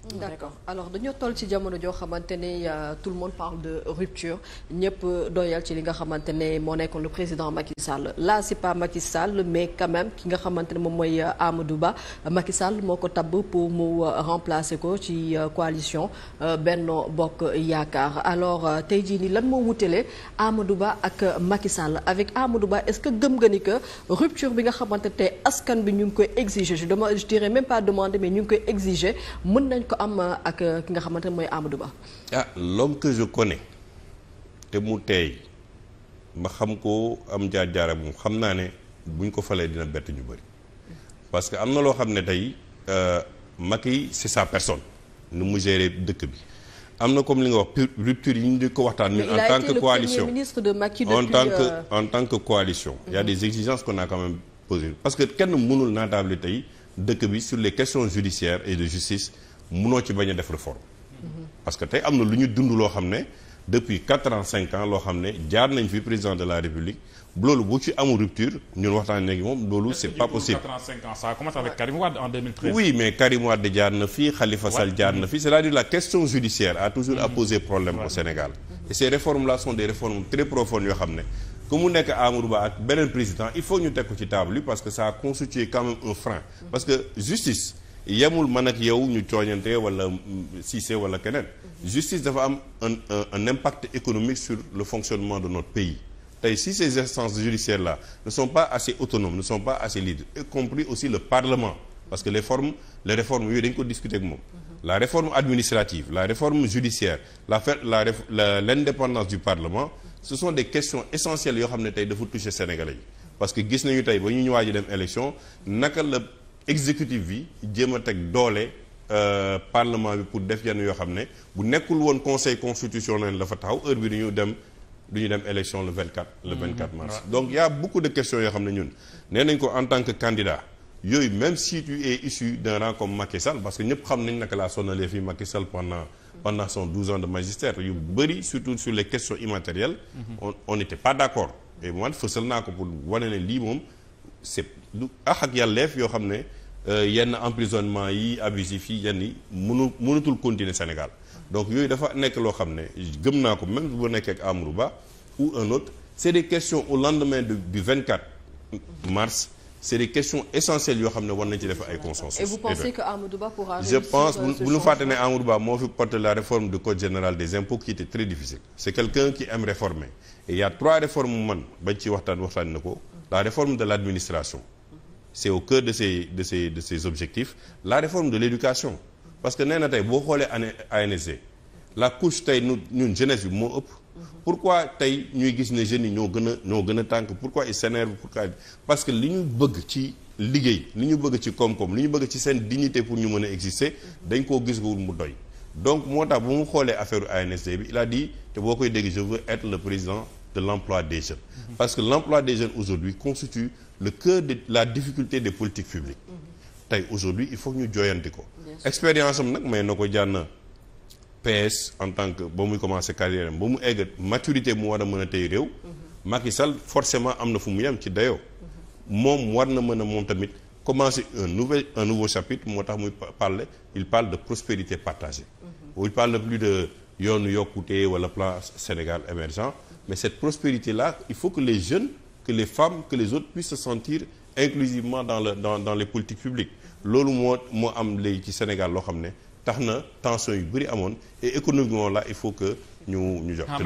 Mm, d'accord alors dañoo toll ci jamono joo xamante ne euh, tout le monde parle de rupture ñëpp doyal ci li nga xamante ne moo nekkoon le président Macky Sall là c'est pas Macky Sall mais quand même ki nga xamante ne moom mooy euh, amadu Ba Macky Sall moo ko tabb pour mu euh, remplacer ko ci coalition Benno Bokk Yaakaar alors tey jii nii lan moo wutale Amadou Ba ak Macky Sall avec Amadou Ba est-ce que gëm nga ni que rupture bi nga xamante ne askan bi ñu ngi koy exiger je demande je dirais même pas demander mais ñu ngi koy exiger mën nañ ko am euh, ak euh, ki nga xamante ne mooy Amadou Ba. ah l'homme que je connais te mu teey ma xam koo am jaar-jaara moom xam naa ne ñu ko falee dina bett ñu bëri parce que am na loo xam ne tey euh, Macky c'est sa personne nu mu gérer dëkk bi am na comme li nga wax rupture yi ñu di ko waxtaan ñun en tant que coalition en tant que en tant que coalition il a mhm. des exigences qu'on a quand même parce que kenn mënul naataable tey dëkk bi sur les questions judiciaires et de justice munoo ci bañ def réforme. parce que tey am na lu ñu dund loo xam ne depuis quatre ans cinq ans loo xam ne jaar nañ fi président de la république loolu bu ci amul rupture ñun waxtaan léegi moom loolu c'est pas possible. quatre ans cinq ans ça a commencé jaar na fi Khalifa Sall jaar na fi c'est-à-dire la question judiciaire a toujours mm-hmm. à poser problème au Sénégal. et ces réformes là sont des réformes très profondes yoo xam ne. nekk ak beneen président il faut ñu teg ko ci table bi parce que ça a constitué quand même yemul man ak yow ñu tooñante wala Cissé wala keneen. justice dafa am un un impact économique sur le fonctionnement de notre pays. tey si ces instances judiciaires là ne sont pas assez autonomes ne sont pas assez libres y compris aussi le parlement parce que les formes les réformes yooyu dañ ko discuter ak moom la réforme administrative la réforme judiciaire la fait la la l'indépendance du parlement ce sont des questions essentielles yoo xam ne tey dafa toucher sénégalais yi parce que gis nañu tey ba ñu ñu waaj dem élection la executive bi jéem a teg doole euh, parlement bi pour def yenn yoo xam ne bu nekkul woon conseil constitutionnel la fa taxaw heure bi du ñu dem du ñu dem élection le 24. le 24 mm-hmm. mars donc y a beaucoup de questions yoo xam ne ñun nee nañ ko en tant que candidat yooyu même si tu es issu d'un rang parce que ñëpp xam nañ naka laa sonalee fii Macky Sall pendant pendant son 12 ans de magistère yu bëri surtout sur les questions immatérielles. Mm-hmm. on on n'était pas d'accord. et man lii moom c'est du yoo xam ne. Euh, yenn emprisonnement yi abis yi yenn yi mënu munatul continuer Sénégal donc yooyu dafa nekk loo xam ne gëm naa ko même bu nekkee ak Amadou Ba ou un autre c' est des questions au lendemain de du 24 mars c' est des questions yoo xam ne war nañ ci def ay consensus. et vous je pense euh, bu ñu fàtte ne Amadou Ba moo fi porté la réforme du code général des impôts qui était très difficile. c' est quelqu'un qui aime réformer et trois réformes man bañ ci waxtaan waxtaan na ko la réforme de l' administration. c'est au cœur de ces de ces objectifs la réforme de l'éducation parce que nee na tey boo xoolee année ANSD la couche tey nu ñun jeunesse bi moo ëpp. pourquoi tey ñuy gis ne jeunes yi ñoo gën a ñoo gën a tànk pourquoi ils s'énervent pourquoi parce que li ñu bëgg ci liggéey li ñu bëgg ci koom-koom li ñu bëgg ci seen dignité pour ñu mën a exister dañ koo gis wul mu doy donc moo tax bu mu xoolee affaire ANSD bi il a dit te boo koy dégg je veux être le président. de l'emploi des jeunes. Parce que l'emploi des jeunes aujourd'hui constitue le cœur de la difficulté des politiques publiques. tey aujourd'hui il faut ñu jooyanti ko. expérience am nag may na ko jànn PS en tant que ba muy commencé carrière am ba mu egg maturité mu war a mën a tey réew. Macky Sall forcément am na fu mu yem ci dayoo. moom war na mën a moom tamit commencer un nouvel un nouveau chapitre moo tax muy parler il parle de prospérité partagée. Mmh. il parle plus yoonu yokkute wala plan Sénégal émergent Mais cette prospérité-là, il faut que les jeunes, que les femmes, que les autres puissent se sentir inclusivement dans, le, dans, dans les politiques publiques. loolu moo moo am léegi ci Sénégal loo xam ne tax na tension yu bëri amoon et économiquement la il faut que ñu ñu jox ah,